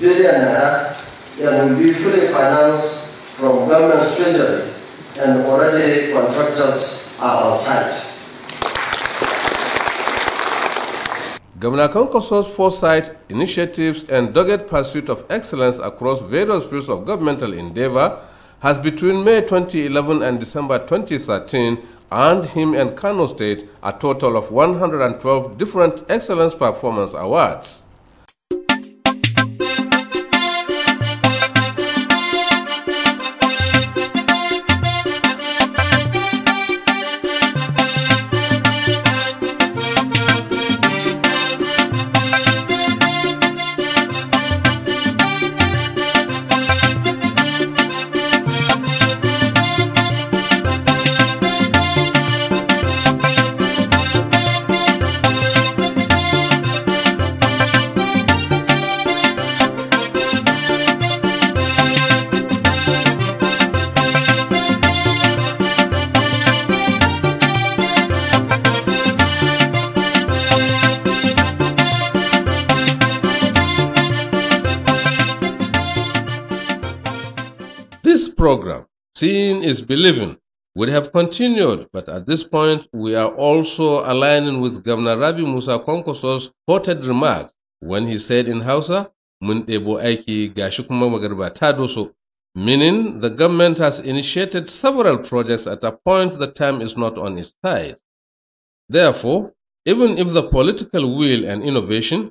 billionaire and we uh, be fully financed from government's treasury and already contractors are on site. Governor Konkoso's foresight, initiatives, and dogged pursuit of excellence across various fields of governmental endeavor has between May 2011 and December 2013 earned him and Kano State a total of 112 different Excellence Performance Awards. program, Seeing is Believing, would have continued, but at this point, we are also aligning with Governor Rabi Musa Konkoso's quoted remarks when he said in Hausa, Mun Meaning, the government has initiated several projects at a point the time is not on its side. Therefore, even if the political will and innovation,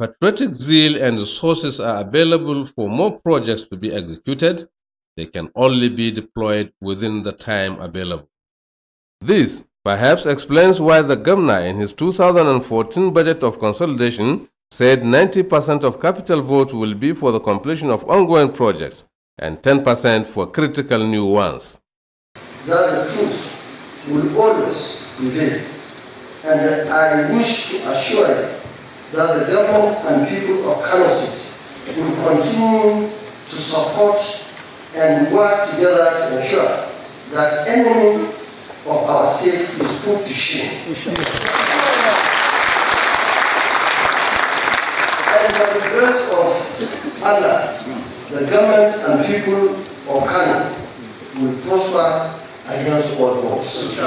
patriotic zeal and resources are available for more projects to be executed, they can only be deployed within the time available. This perhaps explains why the governor in his 2014 budget of consolidation said 90% of capital vote will be for the completion of ongoing projects and 10% for critical new ones. That the truth will always prevail. And I wish to assure you that the government and people of Kano State will continue to support and work together to ensure that enemy of our state is put to shame. and by the grace of Allah, the government and people of Canada will prosper against all odds.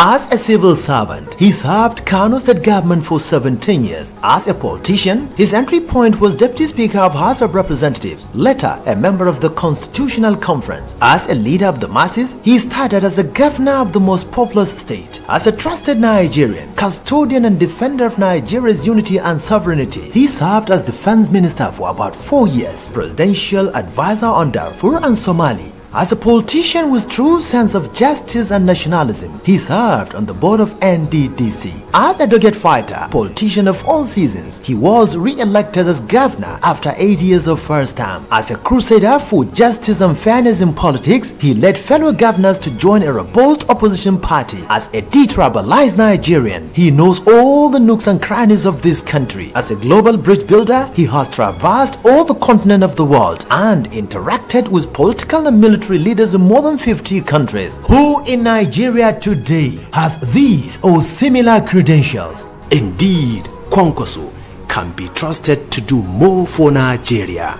As a civil servant, he served Kano state government for 17 years. As a politician, his entry point was Deputy Speaker of House of Representatives, later a member of the Constitutional Conference. As a leader of the masses, he started as the governor of the most populous state. As a trusted Nigerian, custodian and defender of Nigeria's unity and sovereignty, he served as defense minister for about four years, presidential advisor on Darfur and Somali, as a politician with true sense of justice and nationalism, he served on the board of NDDC. As a dogged fighter, politician of all seasons, he was re-elected as governor after eight years of first term. As a crusader for justice and fairness in politics, he led fellow governors to join a robust opposition party. As a detribalized Nigerian, he knows all the nooks and crannies of this country. As a global bridge builder, he has traversed all the continent of the world and interacted with political and military military leaders in more than 50 countries who in Nigeria today has these or similar credentials. Indeed, Kwankosu can be trusted to do more for Nigeria.